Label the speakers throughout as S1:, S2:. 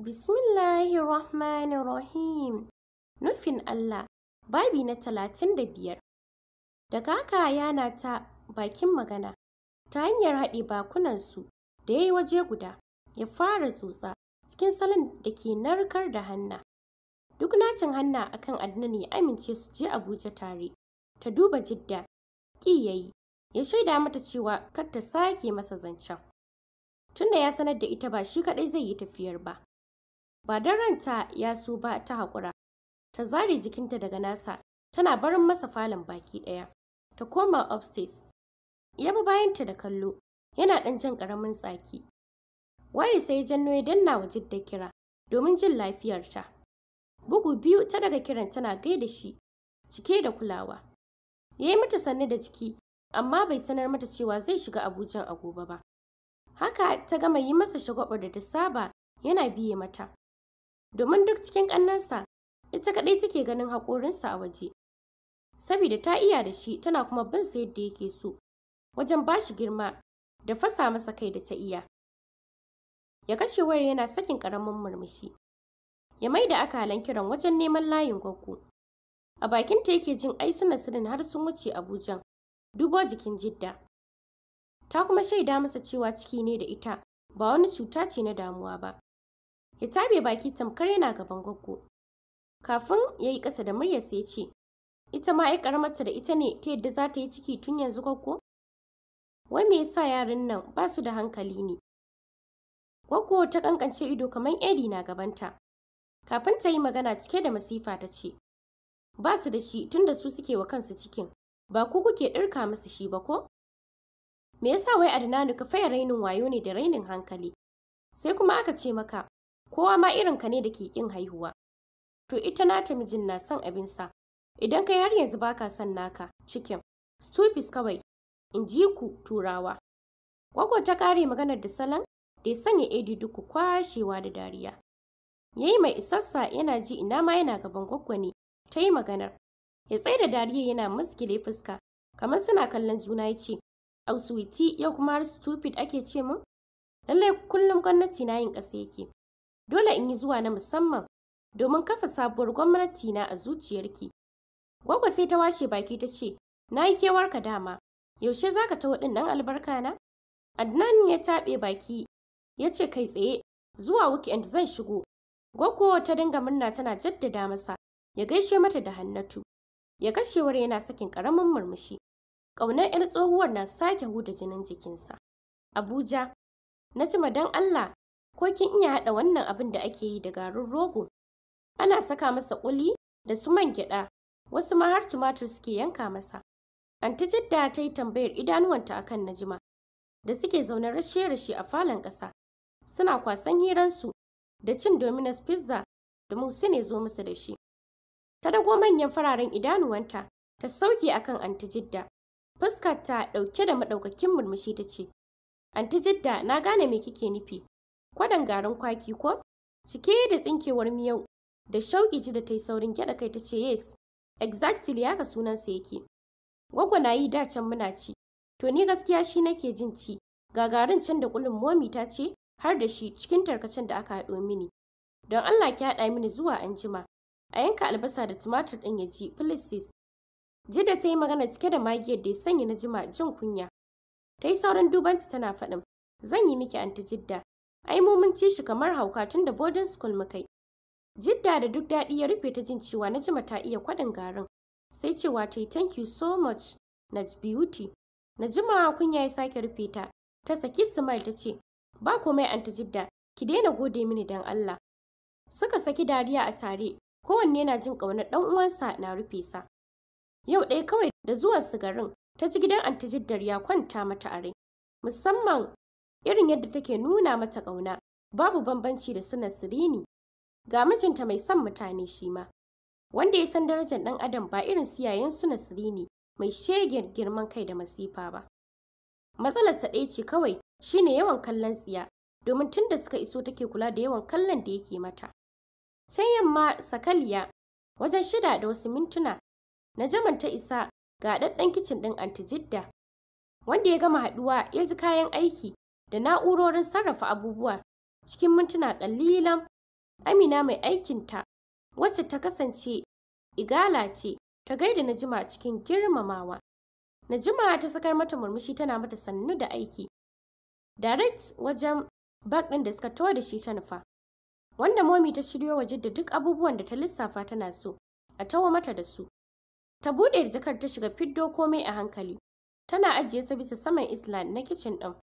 S1: Bismillahirrahmanirrahim. Nufin Allah, babi na talatin da biyar. Daga haka yana ta bakin magana, ta hanyar haɗe bakunansu da ya yi waje guda, ya fara tsotsa cikin salon da ke narkar da hanna. Duk nacin hanna akan Adnan ya amince su je Abuja tare, ta duba jidda, ƙi ya yi, ya shaida mata cewa kar ta sake masa zancen. Tunda ya sanar da ita ba shi kaɗai zai yi tafiyar ba. ba don ranta ya so ba ta haƙura ta zare jikinta daga nasa tana barin masa falon baki ɗaya ta koma upstairs ya bi bayanta da kallo yana ɗan jan ƙaramin tsaki wari sai janno ya danna wa jidda kira domin jin lafiyarta bugu biyu ta daga kiran tana gaida shi cike da kulawa ya yi mata sanni da jiki amma bai sanar mata cewa zai shiga Abuja a gobe ba haka ta gama yi masa shagwabar da ta saba yana biye mata domin duk cikin ƙannansa ita kaɗai take ganin haƙorinsa a waje. saboda ta iya da shi tana kuma bin sa yadda yake so wajen ba shi girma da fasa masa kai da ta iya. Ya kashe wayar yana sakin ƙaramin murmushi. Ya mai da akalan kiran wajen neman layin gwaggo. A bakinta yake jin ai suna sirin har sun wuce Abujan, dubo jikin Jidda. Ta kuma shaida masa cewa ciki ne da ita, ba wani cuta ce na damuwa ba. ya tabe baki tamkar yana gaban gwaggo kafin yayi yi ƙasa da sai ya ce ita ma ai karamarta da ita ne ta yadda za ta yi ciki tun yanzu gwaggo wai me yasa yaran nan ba su da hankali ne goggo ta kankance ido kamar edi na gabanta kafin ta yi magana cike da masifa ta ce ba su da shi tun da su suke wa kansu cikin ba ku kuke ɗirka musu shi ba ko me yasa wai adnanu ka faya rainin wayo ne da rainin hankali sai kuma aka ce maka kowa ma irin ka ne da ke ƙin haihuwa to ita nata mijin na son abinsa idan kai har yanzu baka son naka cikin stupis kawai in ji ku turawa gwago ta kare maganar da salon da ya sanya edi duku kwashewa da dariya yayi mai isassa yana ji ina ma yana gaban gwaggo ne ta yi maganar ya tsaye da dariya yana muskile fuska kamar suna kallon juna ya ce ausuwiti yau kuma har stupid ake ce min lallai kullum gwamnati na yin ƙasa yake Dole in yi zuwa na musamman domin kafa sabuwar gwamnati na a zuciyarki. Gwaggo sai ta washe baki ta ce, Na yi kewar ka dama, yaushe za ka taho ɗin nan albarka na? Adnan ya taɓe baki ya ce kai tsaye zuwa weekend zan shigo. Gwaggo ta dinga murna tana jaddada masa ya gaishe mata da Hannatu. Ya kashewar yana sakin ƙaramin murmushi. Ƙaunar 'yar tsohuwar na sake huda jinin jikinsa. Abuja, na ma don Allah Ko kin iya haɗa wannan abin da ake yi da garin rogo? Ana saka masa ƙuli da su man gyaɗa, wasu ma har tumatur suke yanka masa. Anti Jidda ta yi tambayar idanuwanta a kan najima da suke zaune rashe-rashe a falon ƙasa. Suna kwasan hiransu da cin Domino's Pizza da Musu ne zo masa da shi. Ta dago manyan fararen idanuwanta ta sauke akan Anti Jidda. Fuskarta ɗauke da maɗaukakin murmushi ta ce, Anti Jidda na gane me kike nufi. kwaɗon garin kwaki ko? Cike da tsinkewar miyau da shauƙi ji da ta yi saurin gyaɗa kai ta ce yes, exactly haka sunansa yake. Gwaggo na yi da can muna ci, to ni gaskiya shi nake jin ci, gagarin can da kulun momi ta ce har da shi cikin tarkacen da aka haɗo mini. Don Allah ki haɗa mini zuwa anjima. A yanka albasa da tumatir ɗin ya ji, please da ta yi magana cike da magiyar da ya sanya na jima jin kunya. Ta yi sauran dubanta tana faɗin, zan yi miki anti Jidda, Ai mu mun ci shi kamar hauka tun da boarding school mu kai. Jidda da duk daɗi ya rufe ta jin cewa jima ta iya kwaɗin garin. Sai cewa ta yi thank you so much na beauty. jima kunya ya sake rufe ta. Ta saki smile ta ce, ba komai ta Jidda, ki daina gode mini dan Allah. Suka saki dariya a tare, kowanne na jin ƙaunar ɗan uwansa na rufe sa. Yau ɗaya kawai da zuwan su garin, ta ji gidan anti Jiddar ya kwanta mata a rai. Musamman irin yadda take nuna mata ƙauna babu bambanci da sunan sirini ga mijinta mai son mutane shi ma wanda ya san darajar ɗan adam ba irin siyayen su sirini mai shegen girman kai da masifa ba matsalarsa ɗaya ce kawai shine yawan kallon tsiya domin tun da suka iso take kula da yawan kallon da yake mata sai yamma sakaliya wajen shida da wasu mintuna najaman ta isa ga ɗaɗɗan kicin ɗin antijidda wanda ya gama haɗuwa ya ji kayan aiki da na'urorin sarrafa abubuwa cikin mintuna ƙalilan. Amina mai aikinta wacce ta kasance igala ce ta gaida Najima cikin girmamawa. Najima ta sakar mata murmushi tana mata sannu da aiki. Direct wajen bag ɗin da suka tawo da shi ta nufa. Wanda momi ta shiryo waje da duk abubuwan da ta lissafa tana so a tawo mata da su. Ta buɗe jakar ta shiga fiddo komai a hankali. Tana ajiye sa bisa saman island na kicin ɗin.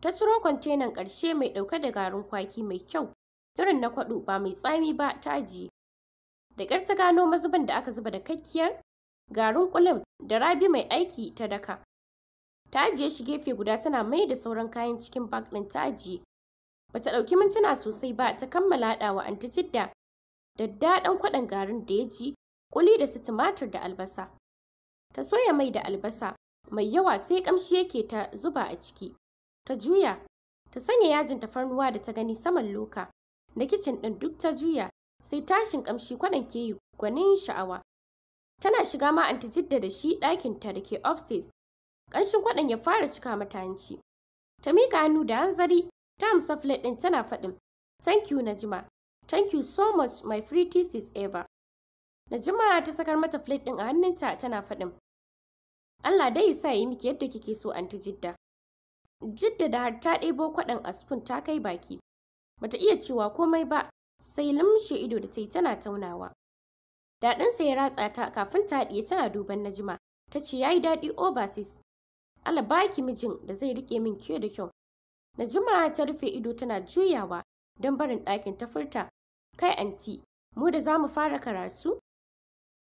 S1: Ta ciro kwantenan ƙarshe mai ɗauke da garin kwaki mai kyau, irin na kwaɗo ba mai tsami ba ta ajiye. Da ƙyar ta gano mazubin da aka zuba da kakkiyar garin ƙulin da rabi mai aiki ta daka. Ta ajiye shi gefe guda tana mai da sauran kayan cikin bag ɗin ta ajiye. Ba ta ɗauki mintuna sosai ba ta kammala haɗawa an ta jidda da daɗan kwaɗon garin da ya ji kuli da su tumatir da albasa. Ta soya mai da albasa mai yawa sai ƙamshi yake ta zuba a ciki. ta juya ta sanya yajin tafarnuwa da ta gani saman loka na kicin ɗin duk ta juya sai tashin ƙamshi kwaɗan ke yi gwanin sha'awa tana shiga ma anti jidda da shi ɗakin ta da ke offices, ƙanshin kwaɗan ya fara cika mata hanci ta miƙa hannu da hanzari ta amsa flat ɗin tana faɗin thank you najima thank you so much my free thesis ever najima ta sakar mata flat ɗin a hannunta tana faɗin Allah dai sa yi miki yadda kike so anti jidda Jaddada har ta ɗebo kwaɗon aspun ta kai baki. Bata iya cewa komai ba, sai lumshe ido da ta yi tana taunawa. Daɗinsa ya ratsa ta kafin ta haɗiye tana duban Najima. Ta ce ya yi daɗi obasis. Allah baki mijin da zai riƙe min kyau da kyau. Najima ta rufe ido tana juyawa don barin ɗakin ta furta. Kai anti, mu da za mu fara karatu?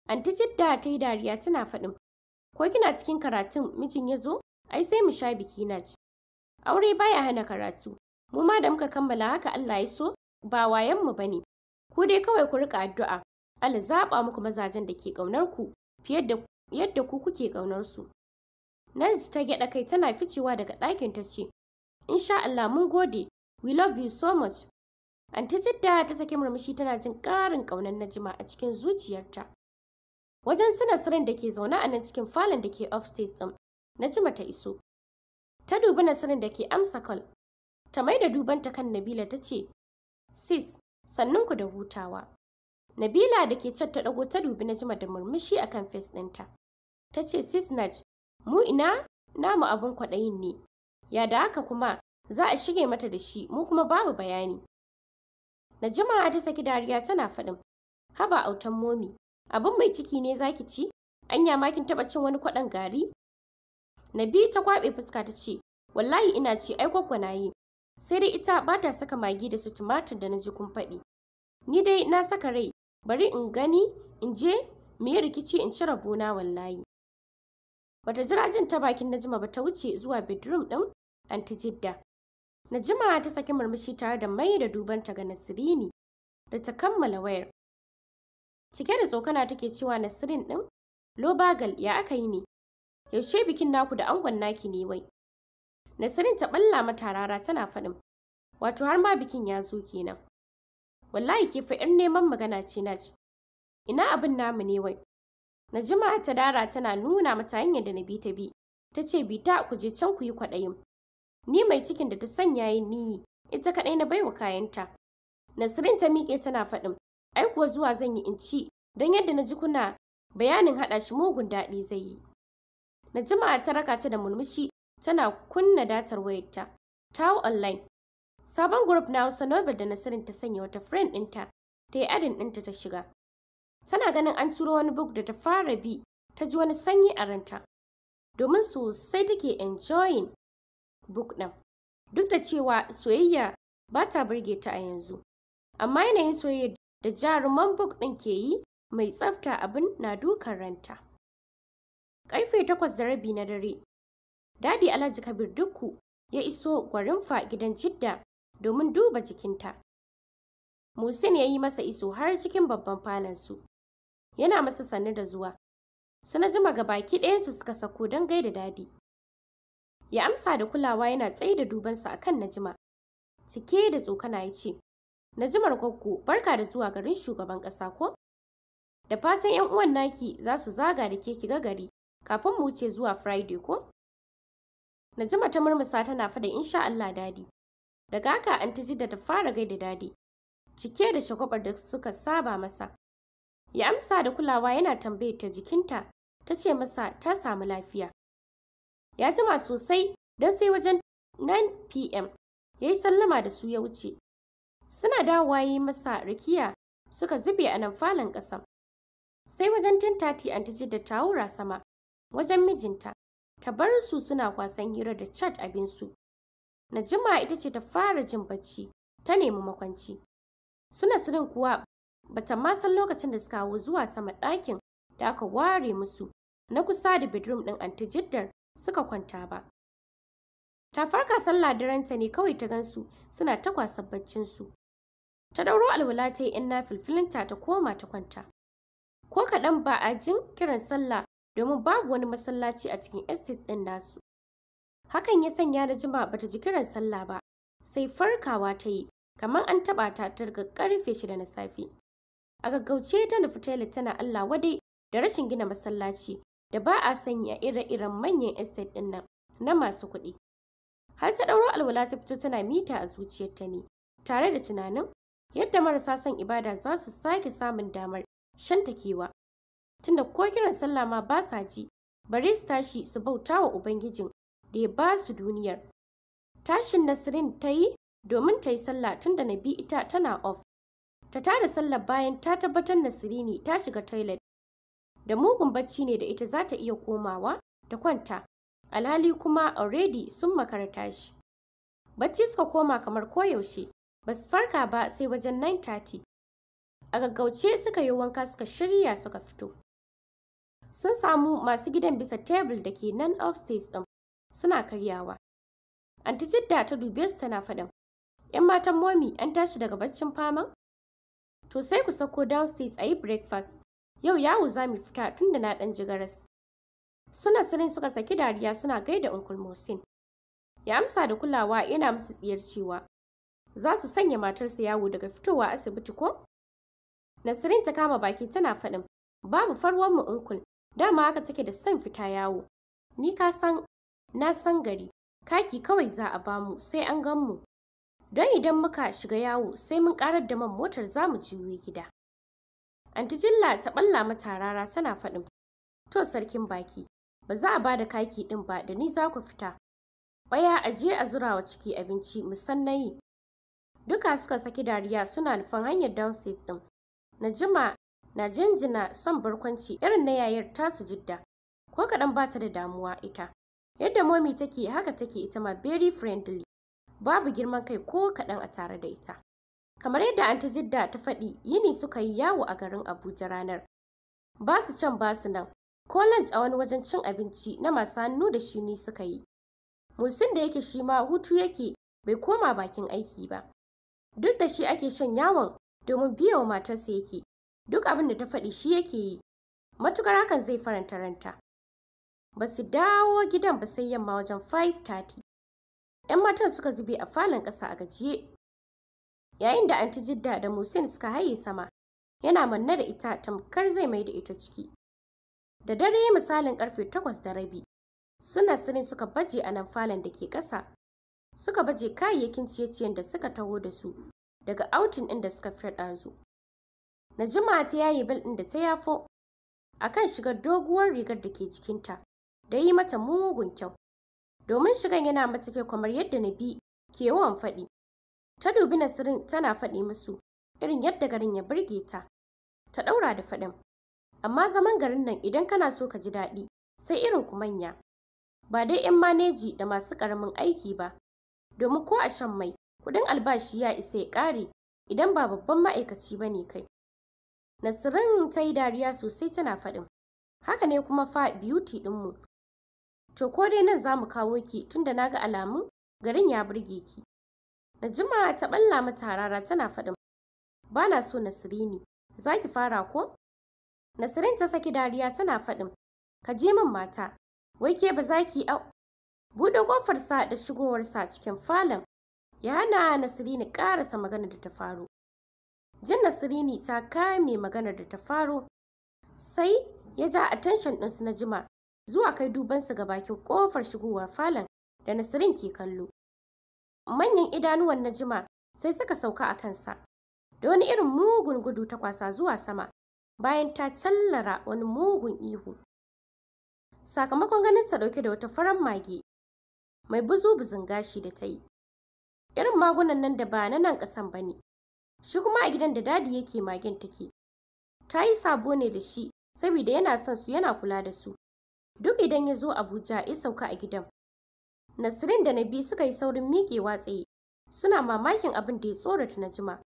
S1: Anti Jidda ta yi dariya tana faɗin. Ko kina cikin karatun mijin ya zo? Ai sai mu sha biki na ci. aure baya hana karatu mu ma da muka kammala haka Allah ya so ba wayan mu bane ku dai kawai ku rika addu'a Allah zaba muku mazajen da ke kaunar ku fiye da yadda ku kuke kaunar su Nancy ta gyada kai tana ficewa daga ɗakin ta ce insha Allah mun gode we love you so much Anti ta saki murmushi tana jin ƙarin ƙaunar Najima a cikin zuciyarta. Wajen suna sirrin da ke zaune a nan cikin falon da ke upstairs ɗin, Najima ta iso. Ta dubi Nasirin da ke amsa kal. Ta mai da dubanta kan Nabila ta ce, Sis, sannunku da hutawa. Nabila da ke can ta ɗago ta dubi na jima da murmushi a kan fes ɗinta. Ta ce, Sis Naj, mu ina namu abin kwaɗayin ne. Ya da haka kuma za a shige mata da shi mu kuma babu bayani. najima ta saki dariya tana faɗin, haba autan momi, abin mai ciki ne zaki ci? Anya makin taɓa cin wani kwaɗon gari Nabi ta kwaɓe fuska ta ce, wallahi ina ci ai na yi. Sai dai ita ba ta saka magi da su tumatir da na ji kun faɗi. Ni dai na saka rai, bari in gani, in je, me ya rikici in ci rabona wallahi. Bata jira jin ta bakin Najima ba ta wuce zuwa bedroom ɗin Antijidda. Jidda. Najima ta saki murmushi tare da mai da duban ta ga Nasirini da ta kammala wayar. Cike da tsokana take cewa Nasirin ɗin, Lobagal ya aka yi ne, Yaushe bikin naku da angon naki ne wai? Nasirin ta balla mata rara tana faɗin. Wato har ma bikin ya zo kenan. Wallahi ke fa neman magana ce na ji. Ina abin namu ne wai? Najima ta dara tana nuna mata hanyar da na bi ta bi. Ta ce bi ta ku je can ku yi kwaɗayin. Ni mai cikin da ta sanya yin niyi, ita kaɗai na baiwa kayanta. Nasirin ta miƙe tana faɗin, ai kuwa zuwa zan yi in ci, don yadda na ji kuna bayanin haɗa shi mugun daɗi zai yi. Najima ta raka ta da murmushi tana kunna datar wayarta. tao online. Sabon group na Hausa Nobel da Nasirin ta sanya wata friend ɗinta ta yi adin ɗinta ta shiga. Tana ganin an turo wani book da ta fara bi ta ji wani sanyi a ranta. Domin sosai take enjoying book ɗin. Duk da cewa soyayya ba ta burge ta a yanzu. Amma yanayin soyayya da jaruman book ɗin ke yi mai tsafta abin na dukan ranta. Karfe takwas da rabi na dare, Dadi Alhaji Kabir Dukku ya iso gwarinfa gidan Jidda domin duba jikinta. Musin ya yi masa iso har cikin babban falansu. Yana masa sannu da zuwa. Suna jima ga baki su suka sako don gaida dadi. Ya amsa da kulawa yana tsaye da dubansa a kan Najima. Cike da tsokana ya ce, Najimar Gwaggo, barka da zuwa garin shugaban ƙasa ko? Da fatan ‘yan uwan naki za su zaga da ke ki gari kafin mu wuce zuwa Friday ko? ji ta murmusa tana fada insha Allah dadi. Daga haka an ta da ta fara da dadi. Cike da shagwabar da suka saba masa. Ya amsa da kulawa yana tambayar ta jikinta, ta ce masa ta samu lafiya. Ya jima sosai don sai wajen 9 pm ya yi sallama da su ya wuce. Suna dawowa yi masa rikiya suka zube a nan falon ƙasa. Sai wajen 10:30 an ta da taura sama wajen mijinta ta bar su suna kwasan hira da chat abinsu najima ita ce ta fara jin bacci ta nemi makwanci suna sirin kuwa bata ma san lokacin da suka hawo zuwa sama ɗakin da aka ware musu na kusa da bedroom ɗin anti suka kwanta ba ta farka sallah ranta ne kawai ta gansu suna ta kwasa baccinsu ta ɗauro alwala ta yi ina filfilinta ta koma ta kwanta ko kaɗan ba a jin kiran sallah domin babu wani masallaci a cikin estate ɗin nasu. Hakan ya sanya da jima bata ji kiran sallah ba, sai farkawa ta yi, kamar an taɓa ta ta daga ƙarfe shida na safe. A gaggauce ta nufi toilet tana Allah wadai da rashin gina masallaci da ba a sanya ire-iren manyan estate ɗin nan na masu kuɗi. Har ta ɗauro alwala ta fito tana mita a zuciyarta ne, tare da tunanin yadda marasa son ibada za su sake samun damar shantakewa tunda ko kiran sallah ma ba sa ji bari su tashi su bauta wa ubangijin da ya ba su duniyar tashin nasirin ta yi domin ta yi sallah tunda na bi ita tana off ta tada sallah bayan ta tabbatar nasirini ta shiga toilet da mugun bacci ne da ita za ta iya komawa da kwanta alhali kuma already sun makarta shi bacci suka koma kamar koyaushe ba su farka ba sai wajen 9:30 a gaggauce suka yi wanka suka shirya suka fito sun samu masu gidan bisa tebul da ke nan upstairs ɗin suna karyawa. Anti Jidda ta dube su tana faɗin, ‘yan matan momi an tashi daga baccin fama. To sai ku sako downstairs a yi breakfast, yau yawo za mu fita tun da na ɗan jigaras. Suna sanin suka saki dariya suna gaida Uncle Mohsin. Ya amsa da kulawa yana musu tsiyar cewa, za su sanya matarsa yawo daga fitowa asibiti ko? Nasirin ta kama baki tana faɗin, babu mu Uncle, Dama haka take da son fita yawo. Ni ka san, na san gari, kaki kawai za a bamu sai an gan mu. Don idan muka shiga yawo sai mun karar da man motar za mu juye gida. Anti Jilla ta balla mata rara tana faɗin. To sarkin baki, ba za a bada kaki ɗin ba da ni za ku fita. Ƙwaya a je a zurawa ciki abinci musannayi. Duka suka saki dariya suna nufin hanyar downstairs ɗin. Najima na jinjina son barkwanci irin na yayar tasu jidda ko kaɗan ba ta da damuwa ita yadda momi take haka take ita ma very friendly babu girman kai ko kaɗan a tare da ita kamar yadda an ta jidda ta faɗi yini suka yi yawo a garin abuja ranar ba su can ba su nan ko lunch a wani wajen cin abinci na masu hannu da shi ne suka yi musin da yake shi ma hutu yake bai koma bakin aiki ba duk da shi ake shan yawon domin biya wa matarsa yake duk abin da ta faɗi shi yake yi matuƙar hakan zai faranta ranta ba su dawo gidan ba sai yamma wajen 5:30 'yan matan suka zube a falon ƙasa a gajiye yayin da anti jidda da musin suka haye sama yana manne da ita tamkar zai mai da ita ciki da dare misalin karfe takwas da rabi suna sani suka baje a nan falon da ke ƙasa suka baje kayayyakin ciye-ciyen da suka taho da su daga autin ɗin da suka fi ɗazu Najima ta yayi bil ɗin da ta yafo a kan shigar doguwar rigar da ke jikinta da yi mata mugun kyau. Domin shigan yana mata kyau kamar yadda na bi ke yawan faɗi. Ta dubi Nasirin tana faɗi musu irin yadda garin ya burge ta. Ta ɗaura da faɗin. Amma zaman garin nan idan kana so ka ji daɗi sai irin ku manya. Ba dai 'yan maneji da masu ƙaramin aiki ba. Domin ko a shan mai kuɗin albashi ya isa ya ƙare idan ba babban ma'aikaci ba ne kai. Nasirin ta yi dariya sosai tana faɗin. Haka ne kuma fa beauty ɗinmu. To ko dai nan za mu kawo ki tunda na ga alamu garin ya burge ki. Najima ta ɓalla mata rara tana faɗin. Ba na so Nasirini, za ki fara ko? Nasirin ta saki dariya tana faɗin. Ka je min mata, wai ke ba za ki au. Buɗe sa da shigowarsa cikin falon ya hana Nasirini ƙarasa magana da ta faru. Jan Nasirini ta kame maganar da ta faro. Sai ya ja attention ɗinsu na jima zuwa kai dubansu ga bakin ƙofar shigowar falon da Nasirin ke kallo. Manyan idanuwan na jima sai suka sauka a kansa. Da wani irin mugun gudu ta kwasa zuwa sama bayan ta callara wani mugun ihu. Sakamakon ganinsa ɗauke da wata farar mage mai buzu-buzun gashi da ta yi. Irin magunan nan da ba na nan ƙasan ba ne. shi kuma a gidan da dadi yake magen take ta yi sabo ne da shi saboda yana son su yana kula da su duk idan ya zo abuja ya sauka a gidan nasirin da nabi suka yi saurin miƙewa tsaye suna mamakin abin da ya tsorata na jima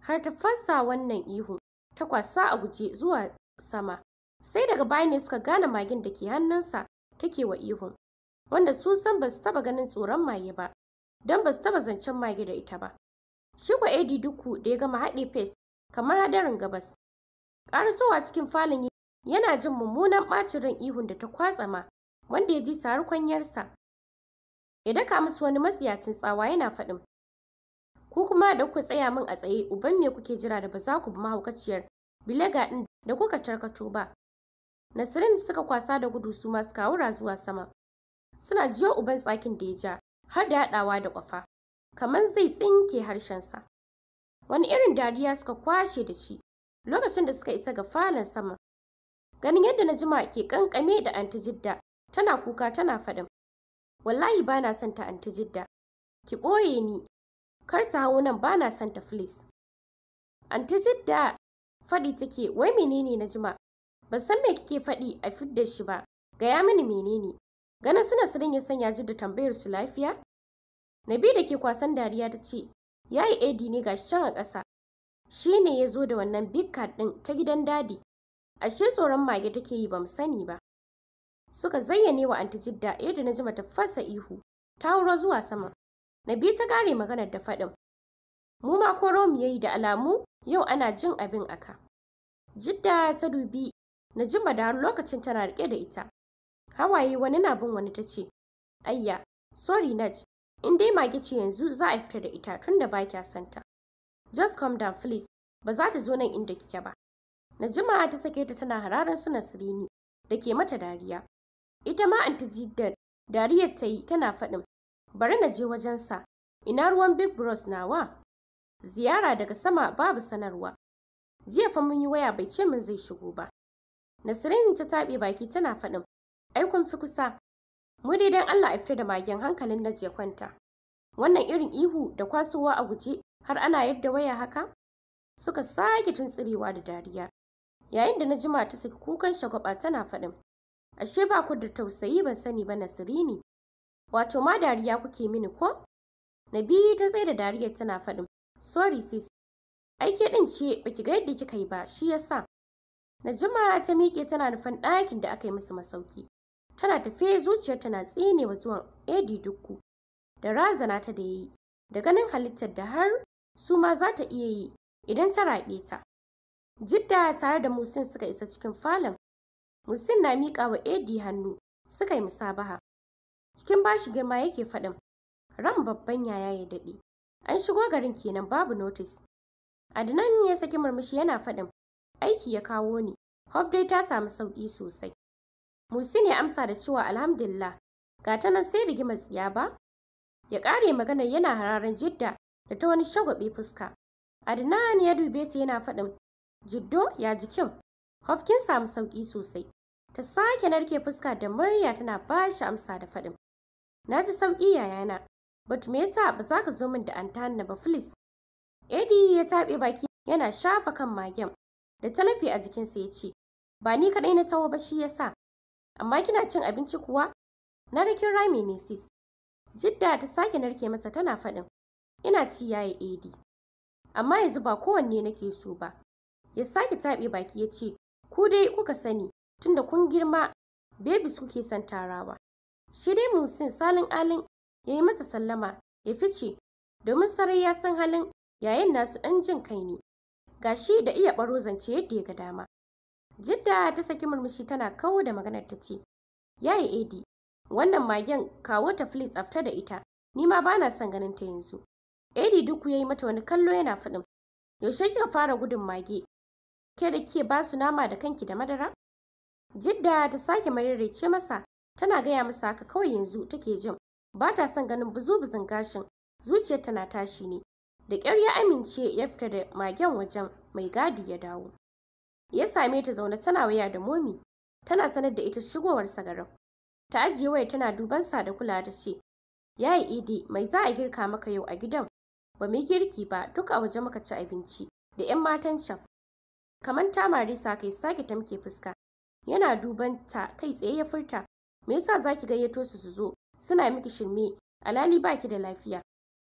S1: har ta fasa wannan ihu ta kwasa a guje zuwa sama sai daga baya ne suka gane magen da ke hannunsa take wa ihu, wanda su san ba su taba ganin tsoron maye ba don ba su taba zancen mage da ita ba Shi edi Duku da ya gama haɗe fes kamar hadarin gabas. Ƙarasowa cikin falon yana jin mummunan ɓacin ran ihun da ta kwatsa ma wanda ya ji sari kwanyarsa. Ya daka musu wani matsiyacin tsawa yana faɗin. Ku kuma da kuka tsaya min a tsaye uban me kuke jira da ba za ku bi mahaukaciyar bilaga ɗin da kuka tarkato ba. Nasirin suka kwasa da gudu su masu kawura zuwa sama. Suna jiyo uban tsakin da ya ja har da yaɗawa da kwafa. kamar zai tsinke harshensa. Wani irin dariya suka kwashe da shi lokacin da suka isa ga falon sama. Ganin yadda na jima ke kankame da antijidda tana kuka tana faɗin. Wallahi ba na son ta anti Ki ɓoye ni. Kar ta hau nan ba na son ta Anti jidda faɗi take wai menene na jima. Ban san me kike faɗi a fidda shi ba. Gaya mini menene. Ganin suna sirin ya sanya jidda tambayar su lafiya. Nabi da ke kwasan dariya ta ce, ya yi edi ne gashi can a ƙasa. Shi ne ya zo da wannan big card ɗin ta gidan dadi. Ashe tsoron mage take yi ba sani ba. Suka zayyane wa anti jidda yadda na jima ta fasa ihu, ta wuro zuwa sama. Nabi ta kare maganar da faɗin. Mu ma koro mu yi da alamu yau ana jin abin aka. Jidda ta dubi na jima da har lokacin tana riƙe da ita. Hawaye wani na bin wani ta ce, Ayya, sorry Naj, In dai mage ce yanzu za a fita da ita tun da ba kya santa. Just come down please, ba za ta zo nan inda kike ba. Na Najima ta sake ta tana hararan su Nasrini da ke mata dariya. Ita ma Anta Jiddan dariyar ta yi tana faɗin, bari na je wajensa, ina ruwan Big Bros nawa? Ziyara daga sama babu sanarwa. Jiya fa mun yi waya bai ce min zai shigo ba. Nasrini ta taɓe baki tana faɗin, ai kun fi kusa, Mu dai dan Allah a fita da magen hankalin na ya kwanta. Wannan irin ihu da kwasowa a guje har ana yadda waya haka? Suka sake tuntsirewa da dariya. Yayin da na jima ta saki kukan shagwaba tana faɗin. Ashe ba ku da tausayi ban sani ba ne? Wato ma dariya kuke mini ko? biyu ta tsaye da dariyar tana faɗin. Sorry sis. Aike ɗin ce ba ki ga yadda kika yi ba shi yasa. Najima ta miƙe tana nufin ɗakin da aka yi musu masauki. tana tafiye zuciyar tana tsine wa zuwan edi dukku da razana ta da yayi da ganin halittar da har su ma za ta iya yi idan ta raɓe ta jidda tare da musin suka isa cikin falon musin na miƙa wa edi hannu suka yi musabaha cikin bashi girma yake faɗin ran babban yaya ya daɗe an shigo garin kenan babu notice adnan ya saki murmushi yana faɗin aiki ya kawo ni hof ta samu sauƙi sosai Musin ya amsa da cewa alhamdulillah, ga ta nan sai rigima ya ba? Ya ƙare magana yana hararan Jidda da ta wani shagwabe fuska. Adnan ya dube ta yana faɗin, Jiddo ya jikin, Hofkin samu sauƙi sosai. Ta sake narke fuska da murya tana ba shi amsa da faɗin. Na ji sauƙi yayana, but me yasa ba za ka zo min da na ba filis? Eddie ya taɓe baki yana shafa kan magen da talafi a jikinsa ya ce, ba ni kaɗai na tawo ba shi yasa. amma kina cin abinci kuwa na ga kin rami ne sis jidda ta sake narke masa tana faɗin ina ci yayi edi amma yanzu ba kowanne nake so ba ya sake taɓe baki ya ce ku dai kuka sani tunda kun girma babies kuke son tarawa shi dai musin salin alin ya yi masa sallama ya fice domin sarai ya san halin yayin nasu ɗan jin kai ne ga shi da iya ɓaro zance yadda ya ga dama Jidda ta saki murmushi tana kawo da maganar ta ce, Yayi Edi, wannan magen kawo ta please after da ita, ni ma bana son ganin ta yanzu. Edi duk ya yi mata wani kallo yana faɗin, yaushe kika fara gudun mage, ke da ke ba su nama da kanki da madara? Jidda ta sake marirce masa, tana gaya masa haka kawai yanzu take jin, ba ta son ganin buzu-buzun gashin, Zuciyarta na tashi ne. Da ƙyar ya amince ya fita da magen wajen mai gadi ya dawo. ya same ta zaune tana waya da momi tana sanar da ita shigowarsa garin ta ajiye wayar tana duban sa da kula da ce ya yi idi mai za a girka maka yau a gidan ba mu girki ba duk a waje muka ci abinci da yan matan can kamar ta sa kai sake tamke fuska yana duban ta kai tsaye ya furta me yasa zaki gayyato su su zo suna miki shirme alali baki da lafiya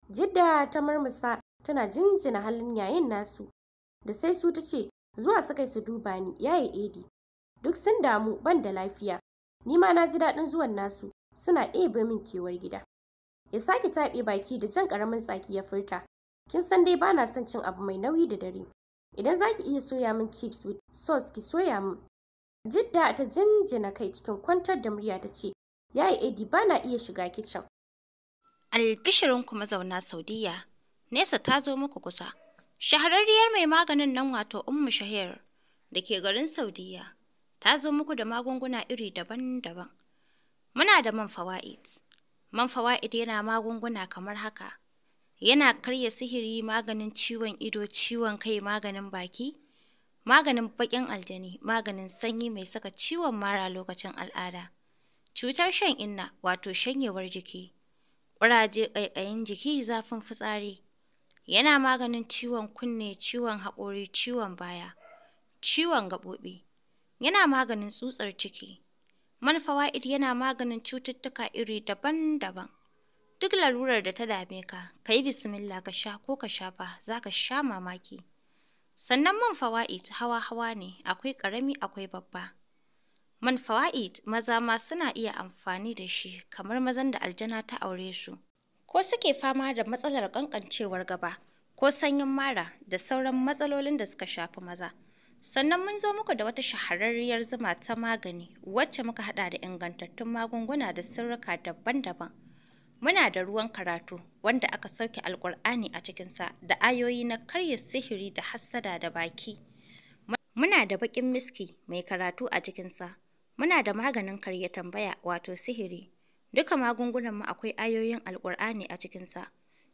S1: jidda ta marmasa tana jinjina halin yayin nasu da sai su ta ce zuwa kai su duba ni yaye edi duk sun damu ban da lafiya ni ma na ji daɗin zuwan nasu suna ɗebe min kewar gida ya sake taɓe baki da jan ƙaramin tsaki ya furta kin san dai bana son cin abu mai nauyi da dare idan za ki iya soya min chips with sauce ki soya min jidda ta jinjina kai cikin kwantar da murya ta ce yayi edi bana iya shiga kicin
S2: albishirin kuma zauna saudiya nesa ta zo muku kusa Shahararriyar mai maganin nan wato Ummu Shahir da ke garin Saudiya ta zo muku da magunguna iri daban-daban. Muna da man fawa'id. Man fawa'id yana magunguna kamar haka. Yana karya sihiri, maganin ciwon ido, ciwon kai, maganin baki, maganin baƙin aljani, maganin sanyi mai saka ciwon mara lokacin al'ada. Cutar shan inna wato shanyewar jiki, ƙuraje, ƙaiƙayin jiki, zafin fitsari. Yana maganin ciwon kunne, ciwon haƙori, ciwon baya, ciwon gaɓoɓi. Yana maganin tsutsar ciki. Man fawa'id yana maganin cututtuka iri daban-daban. Duk larurar da ta dame ka, ka yi bismillah ka sha ko ka shafa, za ka sha mamaki. Sannan man fawa'id hawa-hawa ne, akwai ƙarami akwai babba. Man fawa'id maza ma suna iya amfani da shi kamar mazan da aljana ta aure su. ko suke fama da matsalar ƙanƙancewar gaba ko sanyin mara da sauran matsalolin da suka shafi maza. Sannan mun zo muku da wata shahararriyar zuma ta magani wacce muka haɗa da ingantattun magunguna da sirrika daban-daban. Muna da ruwan karatu wanda aka sauke alƙur'ani a cikinsa da ayoyi na karya sihiri da hassada da baki. Muna da baƙin miski mai karatu a cikinsa. Muna da maganin karya tambaya wato sihiri Duka magungunanmu akwai ayoyin Alƙur'ani a cikinsa,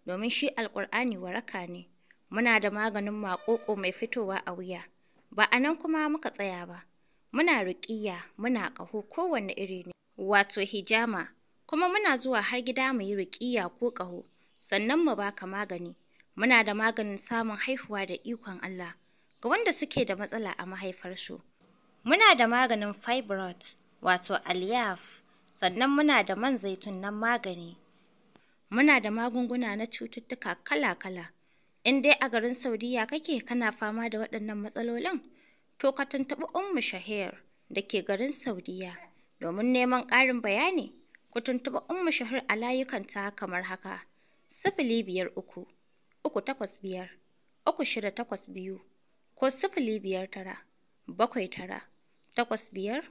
S2: domin shi Alƙur'ani waraka ne. Muna da maganin maƙoƙo mai fitowa a wuya. Ba a nan kuma muka tsaya ba. Muna ruƙiyya, muna ƙaho kowanne iri ne, wato hijama, kuma muna zuwa har gida mu yi ruƙiyya ko ƙaho, sannan mu baka magani. Muna da maganin samun haihuwa da ikon Allah ga wanda suke da matsala a mahaifarsu. Muna da maganin fibroid, wato Aliyaf. sannan muna da man zaitun nan magani. Muna da magunguna na cututtuka kala-kala. In dai a garin Saudiya kake kana fama da waɗannan matsalolin, to ka tuntuɓi Ummu Shahir da ke garin Saudiya. Domin neman ƙarin bayani, ku tuntuɓi Ummu Shahir a layukanta kamar haka. Sifili biyar uku, uku takwas biyar, uku shida takwas biyu, ko sifili biyar tara, bakwai tara, takwas biyar,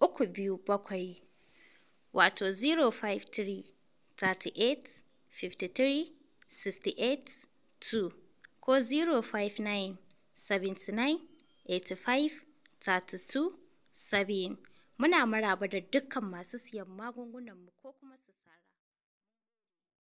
S2: uku biyu bakwai. wato 053 38 53 68 2 ko 059 79 85 32 70. Muna maraba da dukkan masu siyan magungunanmu ko kuma su